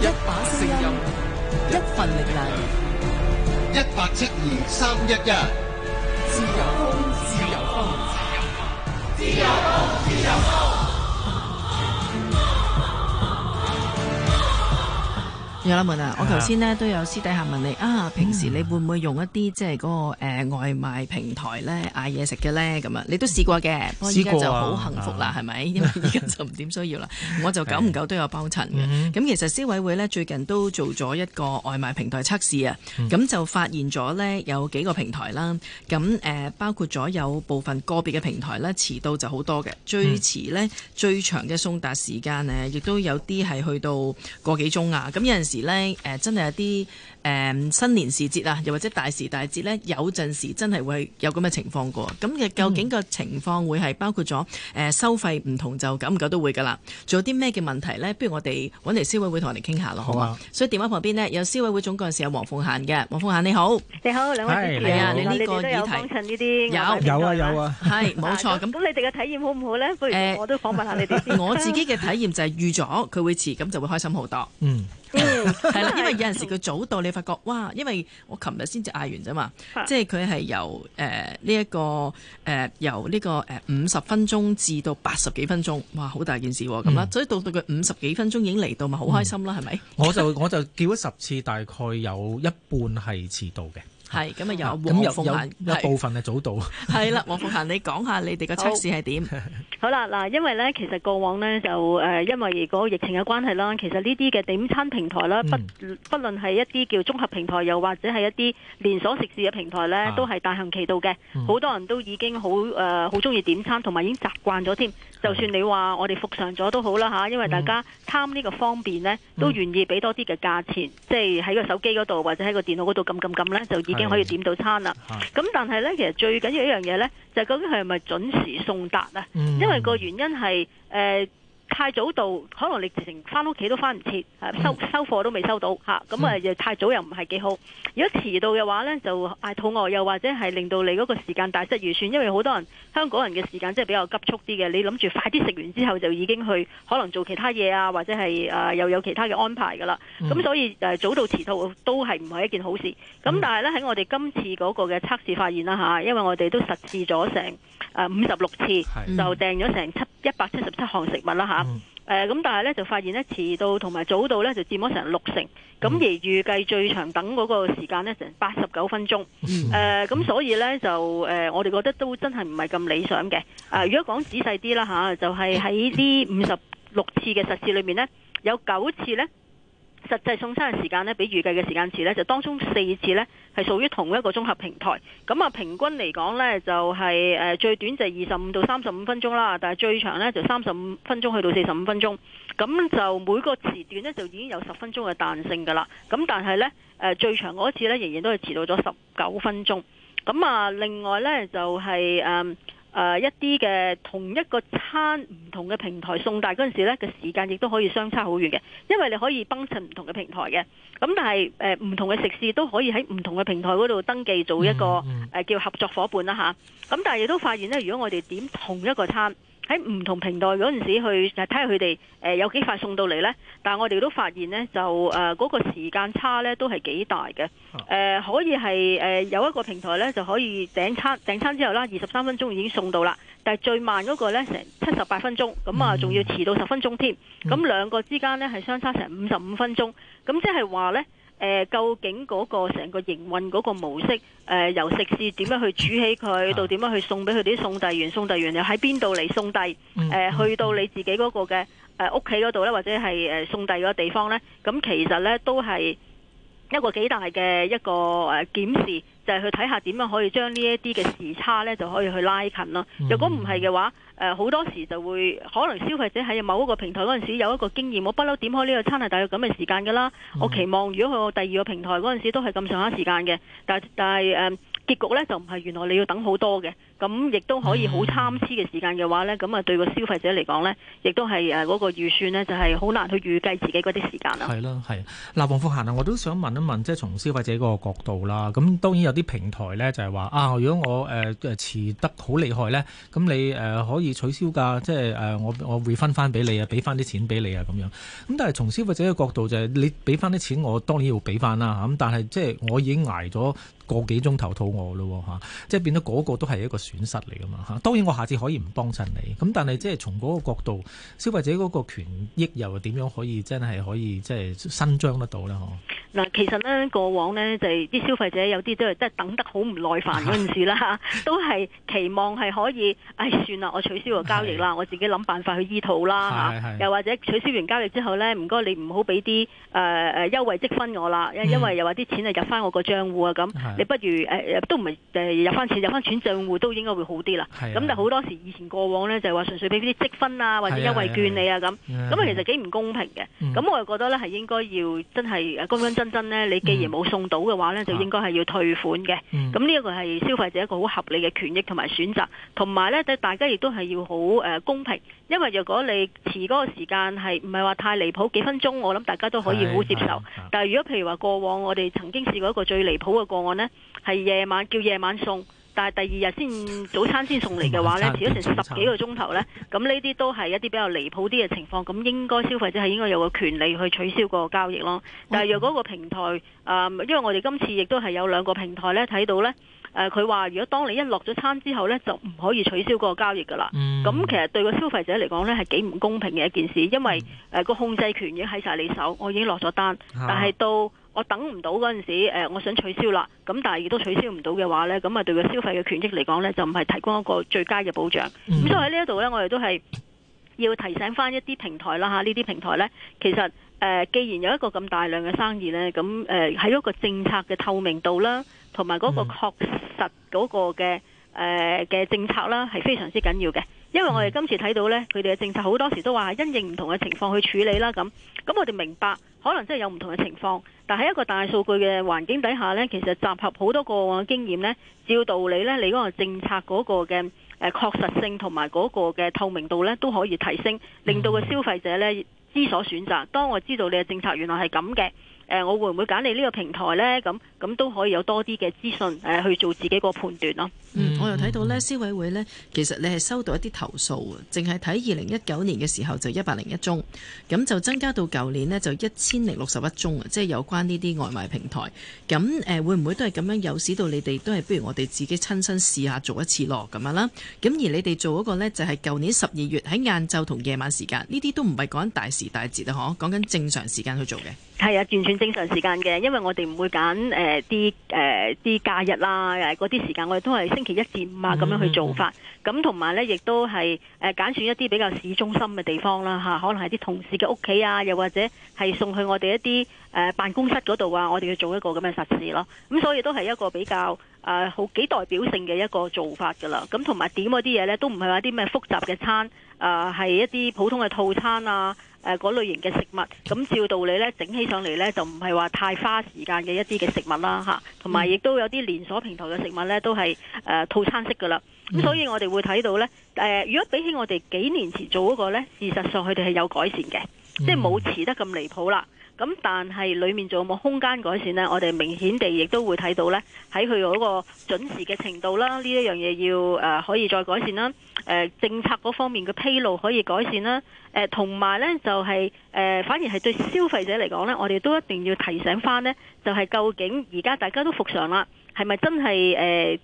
一把聲音，一份力量，一八七二三一一,一自。自由風，自由風，自由風，自由風，自由風，自由風。我啦問啊，我頭先咧都有私底下問你啊，平時你會唔會用一啲即係嗰、那個、呃、外賣平台咧嗌嘢食嘅咧？咁啊，你都試過嘅，依家過就好幸福啦，係咪、啊？因為依家就唔點需要啦。 我就久唔久都有幫襯嘅。咁的其實消委會咧最近都做咗一個外賣平台測試啊，咁、嗯、就發現咗咧有幾個平台啦，咁、呃、包括咗有部分個別嘅平台咧遲到就好多嘅，最遲咧、嗯、最長嘅送達時間呢，亦都有啲係去到個幾鐘啊，咁有陣時，咧，誒、嗯嗯、真係有啲誒新年時節啊，又或者大時大節咧，有陣時真係會有咁嘅情況過。咁嘅究竟個情況會係包括咗誒、嗯、收費唔同就咁，咁都會噶啦。仲有啲咩嘅問題咧？不如我哋揾嚟消委會同我哋傾下咯，好嘛？好啊，所以電話旁邊呢，有消委會總幹事黃鳳嫺嘅，黃鳳嫺你好，你好，好，兩位姐姐，你呢個議題有呢啲，有有啊有啊，係冇、啊啊、錯。咁你哋嘅體驗好唔好咧？不如我都訪問下你哋先，嗯。我自己嘅體驗就係預咗佢會遲，咁就會開心好多。嗯。係啦，哦、 因為有陣時佢早到，你發覺哇，因為我琴日先至嗌完咋嘛，即係佢係由誒呢一個誒、呃、由呢、這個誒、呃呃呃、五十分鐘至到八十幾分鐘，哇，好大件事咁、啊、啦，所以到到佢五十幾分鐘已經嚟到咪好、嗯、開心啦，係咪？我就我就叫咗十次， 大概有一半係遲到嘅。係，咁啊有，咁、啊、我有有，是有部分係早到的是的。係啦，黃鳳嫺，你講下你哋嘅測試係點？ 好啦，嗱，因為咧，其實過往咧就誒，因為個疫情嘅關係啦，其實呢啲嘅點餐平台啦，嗯、不不論係一啲叫綜合平台，又或者係一啲連鎖食肆嘅平台咧，啊、都係大行其道嘅。好、嗯、多人都已經好誒，好中意點餐，同埋已經習慣咗添。就算你話我哋覆上咗都好啦吓，因為大家貪呢個方便呢，都願意畀多啲嘅價錢，嗯、即係喺個手機嗰度或者喺個電腦嗰度撳撳撳呢，就已經可以點到餐啦。咁的但係呢，其實最緊要一樣嘢呢，就係、是、究竟係咪準時送達啊？嗯、因為個原因係誒。呃太早到，可能你直程翻屋企都翻唔切，嗯、收收貨都未收到嚇，咁、嗯、啊又太早又唔係幾好。如果遲到嘅話呢，就嗌肚餓，又或者係令到你嗰個時間大失預算，因為好多人香港人嘅時間即係比較急促啲嘅，你諗住快啲食完之後就已經去，可能做其他嘢啊，或者係啊又有其他嘅安排㗎啦。咁、嗯、所以誒早到遲到都係唔係一件好事。咁、嗯、但係呢，喺我哋今次嗰個嘅測試發現啦嚇、啊，因為我哋都實試咗成誒五十六次，是就訂咗成七。一百七十七項食物啦嚇，誒、啊、咁但係咧，就發現咧，遲到同埋早到咧就佔咗成六成。咁而預計最長等嗰個時間咧成八十九分鐘，誒咁、嗯啊、所以咧就誒、啊、我哋覺得都真係唔係咁理想嘅。啊如果講仔細啲啦嚇，就係喺呢五十六次嘅實試裏面咧，有九次咧。實際送餐嘅時間呢，比預計嘅時間遲呢，就當中四次呢，係屬於同一個綜合平台。咁啊，平均嚟講呢，就係、是、誒、呃、最短就係二十五到三十五分鐘啦，但係最長呢，就三十五分鐘去到四十五分鐘。咁就每個時段呢，就已經有十分鐘嘅彈性㗎啦。咁但係呢，誒、呃、最長嗰一次呢，仍然都係遲到咗十九分鐘。咁啊，另外呢，就係、是、誒。嗯誒、呃、一啲嘅同一個餐，唔同嘅平台送達嗰陣時呢，個時間亦都可以相差好遠嘅，因為你可以幫襯唔同嘅平台嘅。咁但係唔、呃、同嘅食肆都可以喺唔同嘅平台嗰度登記做一個、呃、叫合作伙伴啦吓。咁但係亦都發現呢，如果我哋點同一個餐。喺唔同平台嗰陣時去睇下佢哋有幾快送到嚟呢？但係我哋都發現呢，就誒嗰、呃嗰個時間差呢都係幾大嘅，誒、呃、可以係誒、呃、有一個平台呢就可以訂餐訂餐之後啦，二十三分鐘已經送到啦，但係最慢嗰個呢，成七十八分鐘，咁啊仲要遲到十分鐘添，咁兩個之間呢，係相差成五十五分鐘，咁即係話呢。呃、究竟嗰個成個營運嗰個模式，呃、由食肆點樣去煮起佢，到點樣去送畀佢啲送遞員，送遞員又喺邊度嚟送遞，呃，去到你自己嗰個嘅屋企嗰度呢，或者係、呃、送送遞個地方呢？咁其實呢，都係。一個幾大嘅一個檢視，就係、是、去睇下點樣可以將呢一啲嘅時差呢就可以去拉近咯。如果唔係嘅話，好、呃、多時就會可能消費者喺某一個平台嗰陣時有一個經驗，我不嬲點開呢個餐係大概咁嘅時間㗎啦。我期望如果去到第二個平台嗰陣時都係咁上下時間嘅，但但係、呃、結局呢就唔係原來你要等好多嘅。咁亦都可以好參差嘅時間嘅話呢。咁啊對個消費者嚟講呢，亦都係嗰個預算呢，就係好難去預計自己嗰啲時間啊。係啦，係。嗱，黃鳳嫺啊，我都想問一問，即係從消費者個角度啦。咁當然有啲平台呢，就係話啊，如果我誒遲、呃、得好厲害呢，咁你可以取消㗎，即係誒我我 refund 翻俾你啊，俾翻啲錢俾你啊，咁樣。咁但係從消費者嘅角度就係、是、你俾翻啲錢，我當然要俾翻啦。咁但係即係我已經挨咗個幾鐘頭肚餓咯，嚇，即係變咗嗰個都係一個損失嚟㗎嘛嚇，當然我下次可以唔幫襯你，咁但係即係從嗰個角度，消費者嗰個權益又點樣可以真係可以即係伸張得到呢？嗱，其實呢，過往呢，就係、是、啲消費者有啲都係真係等得好唔耐煩嗰陣時啦， 都係期望係可以，唉、哎、算啦，我取消個交易啦，是我自己諗辦法去醫肚啦是是是又或者取消完交易之後呢，唔該你唔好俾啲誒誒優惠積分我啦，因為又話啲錢係入翻我個賬戶啊咁，嗯、你不如誒、呃、都唔係、呃、入翻錢入翻錢賬戶都。應該會好啲啦，咁但好多時以前過往呢，就係、是、話純粹俾啲積分啊，或者優惠券你啊咁，咁其實幾唔公平嘅。咁、嗯、我又覺得呢，係應該要真係乾乾真真呢。你既然冇送到嘅話呢，就應該係要退款嘅。咁呢一個係消費者一個好合理嘅權益同埋選擇，同埋呢，大家亦都係要好誒公平。因為若果你遲嗰個時間係唔係話太離譜，幾分鐘，我諗大家都可以好接受。哎、但係如果譬如話過往我哋曾經試過一個最離譜嘅個案呢，係夜晚叫夜晚送。但係第二日先早餐先送嚟嘅話呢，遲咗成十幾個鐘頭呢，咁呢啲都係一啲比較離譜啲嘅情況，咁應該消費者係應該有個權利去取消個交易咯。但係若果個平台啊、嗯，因為我哋今次亦都係有兩個平台呢睇到呢，誒佢話如果當你一落咗餐之後呢，就唔可以取消個交易㗎啦。咁、嗯、其實對個消費者嚟講呢，係幾唔公平嘅一件事，因為誒個、呃、控制權已經喺晒你手，我已經落咗單，但係到。我等唔到嗰陣時、呃，我想取消啦，咁但係亦都取消唔到嘅話呢，咁啊對個消費嘅權益嚟講呢，就唔係提供一個最佳嘅保障。咁、嗯、所以喺呢一度呢，我哋都係要提醒翻一啲平台啦嚇，呢啲平台呢，其實誒、呃、既然有一個咁大量嘅生意呢，咁誒喺一個政策嘅透明度啦，同埋嗰個確實嗰個嘅誒嘅政策啦，係非常之緊要嘅。因為我哋今次睇到呢，佢哋嘅政策好多時都話因應唔同嘅情況去處理啦，咁咁我哋明白可能真係有唔同嘅情況，但喺一個大數據嘅環境底下呢，其實集合好多個經驗呢，照道理呢，你嗰個政策嗰個嘅誒確實性同埋嗰個嘅透明度呢，都可以提升，令到個消費者呢，知所選擇。當我知道你嘅政策原來係咁嘅。誒、呃，我會唔會揀你呢個平台呢？咁咁都可以有多啲嘅資訊誒、呃，去做自己個判斷咯。嗯，我又睇到呢，消委會呢，其實你係收到一啲投訴，淨係睇二零一九年嘅時候就一百零一宗，咁就增加到舊年呢就一千零六十一宗啊，即係有關呢啲外賣平台咁誒、呃，會唔會都係咁樣誘使到你哋都係不如我哋自己親身試下做一次咯咁樣啦。咁而你哋做嗰個呢，就係、是、舊年十二月喺晏晝同夜晚時間呢啲都唔係講緊大時大節啊，講緊正，正常時間去做嘅。係啊，完全正常時間嘅，因為我哋唔會揀誒啲誒啲假日啦，嗰、呃、啲時間我哋都係星期一至五啊咁樣去做法。咁同埋咧，亦、hmm. 都係誒揀選一啲比較市中心嘅地方啦、啊、可能係啲同事嘅屋企啊，又或者係送去我哋一啲誒、呃、辦公室嗰度啊，我哋去做一個咁嘅實事咯。咁所以都係一個比較誒好、呃、幾代表性嘅一個做法噶啦。咁同埋點嗰啲嘢咧，都唔係話啲咩複雜嘅餐，誒、呃、係一啲普通嘅套餐啊。誒嗰類型嘅食物，咁照道理呢，整起上嚟呢，就唔係話太花時間嘅一啲嘅食物啦吓，同埋亦都有啲連鎖平台嘅食物呢，都係、呃、套餐式㗎喇，咁所以我哋會睇到呢、呃，如果比起我哋幾年前做嗰個呢，事實上佢哋係有改善嘅，嗯、即係冇遲得咁離譜啦。咁但係裏面仲有冇空間改善呢，我哋明顯地亦都會睇到呢，喺佢嗰個準時嘅程度啦，呢一樣嘢要誒、呃、可以再改善啦。呃、政策嗰方面嘅披露可以改善啦。同、呃、埋呢，就係、是、誒、呃、反而係對消費者嚟講呢，我哋都一定要提醒返呢，就係、是、究竟而家大家都復常啦，係咪真係誒？呃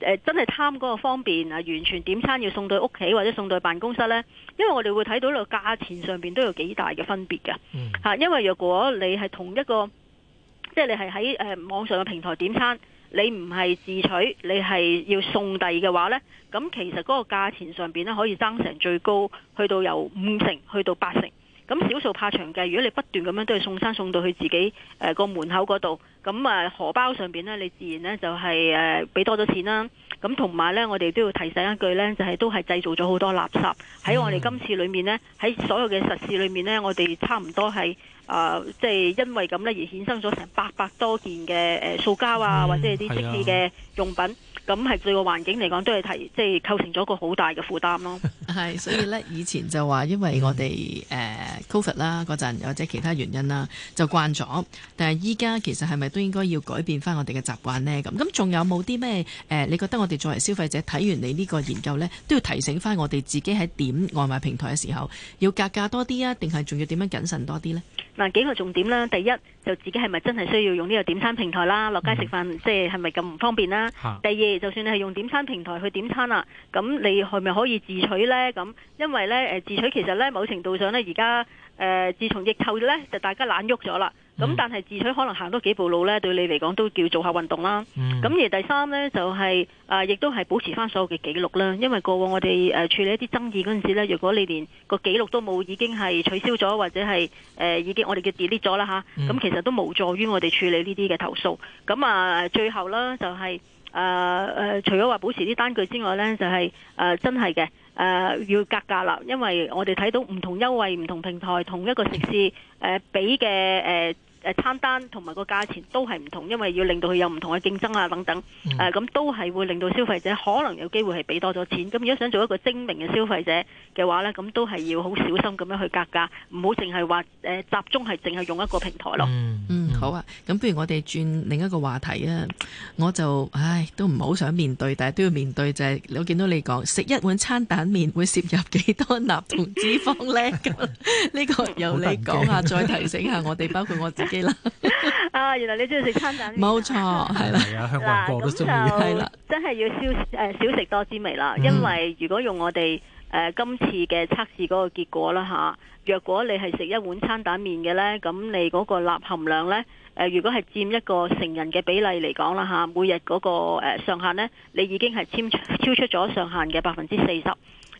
誒真係貪嗰個方便啊！完全點餐要送到屋企或者送到辦公室呢？因為我哋會睇到個價錢上面都有幾大嘅分別嘅、嗯、因為若果你係同一個，即係你係喺、呃、網上嘅平台點餐，你唔係自取，你係要送遞嘅話呢，咁其實嗰個價錢上面可以爭成最高，去到由五成去到八成。咁少數怕長計，如果你不斷咁樣都係送餐送到去自己誒個、呃、門口嗰度。咁、嗯、啊荷包上面咧，你自然咧就係誒俾多咗錢啦。咁同埋咧，我哋都要提醒一句咧，就係、是、都係製造咗好多垃圾喺我哋今次裏面咧，喺所有嘅實事裏面咧，我哋差唔多係啊，即、就、係、是、因為咁咧而衍生咗成八百多件嘅塑、呃、膠啊，或者啲即棄嘅用品，咁係、嗯啊嗯、對個環境嚟講都係提即係、就是、構成咗個好大嘅負擔咯。 係，所以咧以前就話，因為我哋誒 Covid 啦嗰陣，或者其他原因啦，就慣咗。但係依家其實係咪都應該要改變返我哋嘅習慣呢？咁咁仲有冇啲咩誒？你覺得我哋作為消費者睇完你呢個研究呢，都要提醒返我哋自己喺點外賣平台嘅時候要格價多啲啊？定係仲要點樣謹慎多啲呢？嗱，幾個重點啦，第一。就自己係咪真係需要用呢個點餐平台啦？落街食飯、嗯、即係係咪咁唔方便啦？哈 第二，就算你係用點餐平台去點餐啦、啊，咁你係咪可以自取呢？咁因為呢，自取其實呢某程度上呢，而家、呃、自從疫後呢，就大家懶喐咗啦。咁、嗯、但係自取可能行多幾步路呢，對你嚟講都叫做下運動啦。咁、嗯、而第三呢，就係、是、亦、呃、都係保持翻所有嘅記錄啦。因為過往我哋誒、呃、處理一啲爭議嗰陣時呢，如果你連個記錄都冇，已經係取消咗或者係、呃、已經我哋叫 delete 咗啦嚇，咁、嗯嗯、其實都冇助於我哋處理呢啲嘅投訴。咁、嗯、啊、呃，最後啦就係、是呃、除咗話保持啲單據之外呢，就係、是呃、真係嘅、呃、要格價啦，因為我哋睇到唔同優惠、唔同平台同一個食肆誒俾嘅誒，餐單同埋個價錢都係唔同，因為要令到佢有唔同嘅競爭啊，等等。誒，咁都係會令到消費者可能有機會係俾多咗錢。咁如果想做一個精明嘅消費者嘅話呢，咁都係要好小心咁樣去格價，唔好淨係話誒集中係淨係用一個平台咯。嗯，好啊。咁不如我哋轉另一個話題啊。我就唉，都唔好想面對，但係都要面對就係我見到你講食一碗餐蛋麵會攝入幾多鈉同脂肪呢。咁呢個由你講下，再提醒下我哋，包括我自己。 啊！原來你中意食餐蛋麵冇錯係係啊，香港個都中意啦，就真係要少誒，少食多滋味啦。嗯、因為如果用我哋誒、呃、今次嘅測試嗰個結果啦，嚇若果你係食一碗餐蛋麵嘅呢，咁你嗰個鈉含量呢，誒、呃，如果係佔一個成人嘅比例嚟講啦，嚇每日嗰個上限呢，你已經係超超出咗上限嘅百分之四十。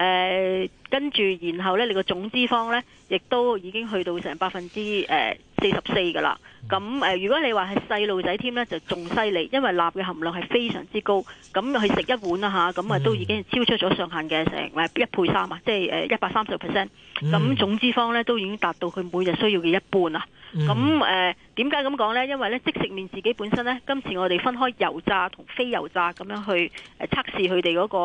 誒、呃、跟住，然後咧，你個總脂肪咧，亦都已經去到成百分之誒四十四噶啦。咁、呃、誒、呃，如果你話係細路仔添咧，就仲犀利，因為鈉嘅含量係非常之高。咁去食一碗啦吓，咁啊都已經超出咗上限嘅成一倍三啊，即係誒一百三十 percent。咁、呃嗯、總脂肪咧，都已經達到佢每日需要嘅一半啦。咁誒點解咁講咧？因為咧即食麵自己本身咧，今次我哋分開油炸同非油炸咁樣去測試佢哋嗰個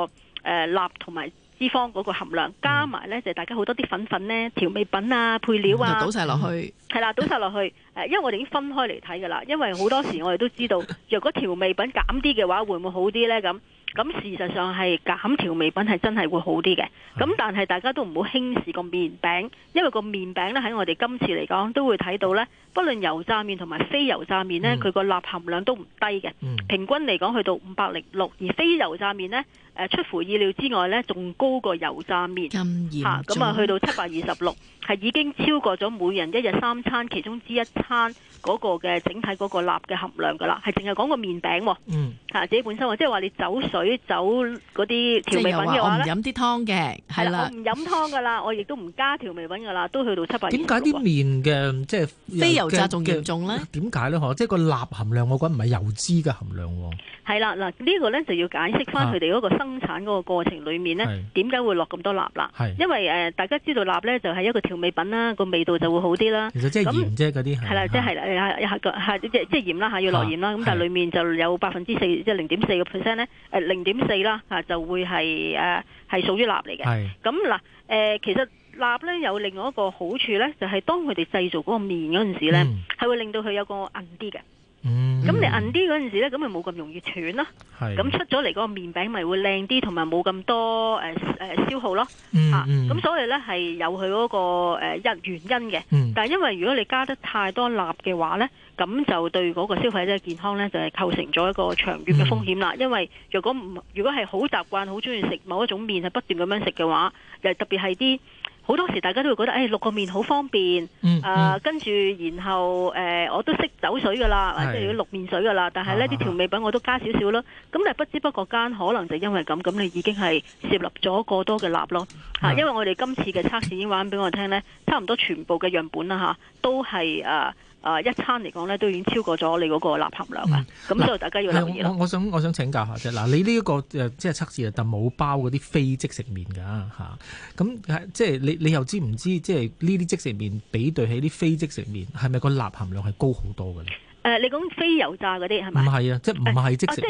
誒鈉同埋，呃脂肪嗰個含量加埋呢，就是、大家好多啲粉粉呢，調味品啊配料啊，倒晒落去。係、嗯、啦，倒晒落去。 因為我哋已經分開嚟睇嘅啦。因為好多時我哋都知道，若果調味品減啲嘅話，會唔會好啲呢？咁咁事實上係減調味品係真係會好啲嘅。咁但係大家都唔好輕視個麵餅，因為個麵餅呢，喺我哋今次嚟講都會睇到呢，不論油炸麵同埋非油炸麵呢，佢個鈉含量都唔低嘅。嗯、平均嚟講去到五百零六，而非油炸麵呢。出乎意料之外呢，仲高過油炸麵，咁啊去到七百二十六，係已經超過咗每人一日三餐其中之一餐嗰個嘅整體嗰個鈉嘅含量噶啦，係淨係講個麵餅喎。嗯、啊，自己本身話，即係話你走水走嗰啲調味品嘅話，唔飲啲湯嘅，係啦，唔飲湯噶啦，我亦都唔加調味品噶啦，都去到七百。點解啲麵嘅即係非油炸仲嚴重咧？點解呢？即係、就是、個鈉含，含量，我覺得唔係油脂嘅含量喎。係、啊、啦，嗱呢個呢，就要解釋翻佢哋嗰個生產嗰個過程裏面呢，點解會落咁多鈉啦？是因為誒、呃，大家知道鈉呢，就係一個調味品啦，個味道就會好啲啦。其實即係鹽啫，啲係啦，即係即係鹽啦，吓、就是、要落鹽啦。咁的但係裏面就有百分之四，即係零點四個 percent 咧，誒零點四啦吓，就會係誒係屬於鈉嚟嘅。咁、呃、嗱，誒是的、呃、其實鈉呢，有另外一個好處呢，就係、是、當佢哋製造嗰個面嗰陣時咧，係、嗯、會令到佢有一個韌啲嘅。咁、嗯、你硬啲嗰陣時呢，咁咪冇咁容易斷咯。咁是出咗嚟嗰個麵餅咪會靚啲，同埋冇咁多誒誒、呃呃、消耗咯。吓、嗯，咁、嗯啊、所以呢，係有佢嗰、那個誒一、呃、原因嘅。嗯、但係因為如果你加得太多蠟嘅話呢。咁就對嗰個消費者嘅健康呢，就係、是、構成咗一個長遠嘅風險啦。因為若果如果係好習慣、好鍾意食某一種麵，係不斷咁樣食嘅話，又特別係啲好多時，大家都會覺得誒、哎，淥個麵好方便。嗯呃、跟住然後誒、呃，我都識走水噶啦，或者是要淥麵水噶啦。但係呢啲、uh, uh, 調味品我都加少少咯。咁你不知不覺間，可能就因為咁，咁你已經係攝入咗過多嘅鈉咯。Uh, 嗯、因為我哋今次嘅測試已經話緊俾我聽呢，差唔多全部嘅樣本啦、啊、嚇，都係啊。Uh, 誒、呃、一餐嚟講咧，都已經超過咗你嗰個鈉含量啦。咁所以大家要留意。我我想我想請教下啫。嗱，你呢一個誒即係測試、嗯、啊，但冇包嗰啲非即食麵㗎嚇。咁即係你你又知唔知即係呢啲即食麵比對起啲非即食麵，係咪個鈉含量係高好多㗎？誒，你講非油炸嗰啲係咪？唔係啊，即係唔係即即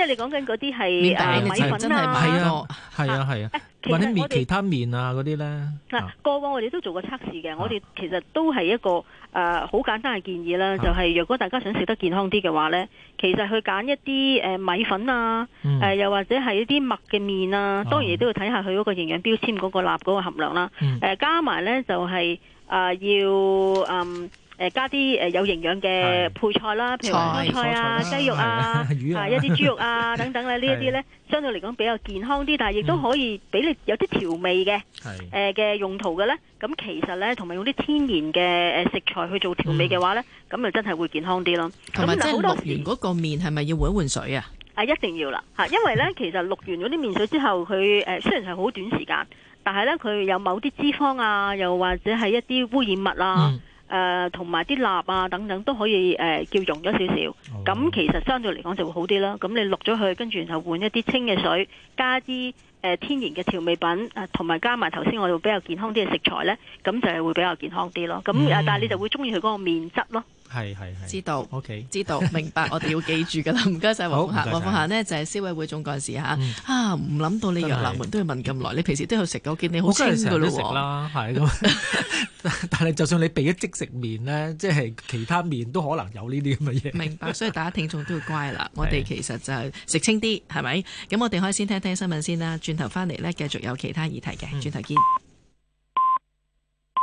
係你講緊嗰啲係啊米粉啊，係啊，係啊，或者其他麵啊嗰啲咧？嗱，過往我哋都做過測試嘅，我哋其實都係一個誒好簡單嘅建議啦，就係若果大家想食得健康啲嘅話咧，其實去揀一啲誒米粉啊，誒又或者係一啲麥嘅麵啊，當然都要睇下佢嗰個營養標籤嗰個鈉嗰個含量啦。誒加埋咧就係啊要嗯。誒，加啲誒有營養嘅配菜啦，譬如蔬菜啊、雞肉啊、一啲豬肉啊等等啦，呢一啲咧相對嚟講比較健康啲，但係亦都可以俾你有啲調味嘅誒嘅用途嘅咧。咁其實咧，同埋用啲天然嘅誒食材去做調味嘅話咧，咁就真係會健康啲咯。咁啊，好多時錄完嗰個麵係咪要換一換水啊？啊，一定要啦吓，因為咧其實錄完嗰啲麵水之後，佢誒雖然係好短時間，但係咧佢有某啲脂肪啊，又或者係一啲污染物啊。誒同埋啲蠟啊等等都可以誒、呃、叫溶咗少少，咁、oh. 其實相對嚟講就會好啲啦。咁你淥咗佢，跟住然後換一啲清嘅水，加啲誒、呃、天然嘅調味品，同、呃、埋加埋頭先我哋比較健康啲嘅食材呢，咁就係會比較健康啲咯。咁、嗯、但你就會中意佢嗰個麵質咯。係係係，知道，OK，知道，明白，我哋要記住㗎啦。唔該晒黃鳳嫺，黃鳳嫺呢就係消委會總幹事吓，啊，唔諗到你楊立門都要問咁耐，你平時都有食㗎。我見你好清㗎咯食啦，係咁。但係就算你避一即食麵咧，即係其他麵都可能有呢啲咁嘅嘢。明白，所以大家聽眾都要乖啦。我哋其實就係食清啲，係咪？咁我哋可以先聽聽新聞先啦。轉頭翻嚟咧，繼續有其他議題嘅。轉頭見。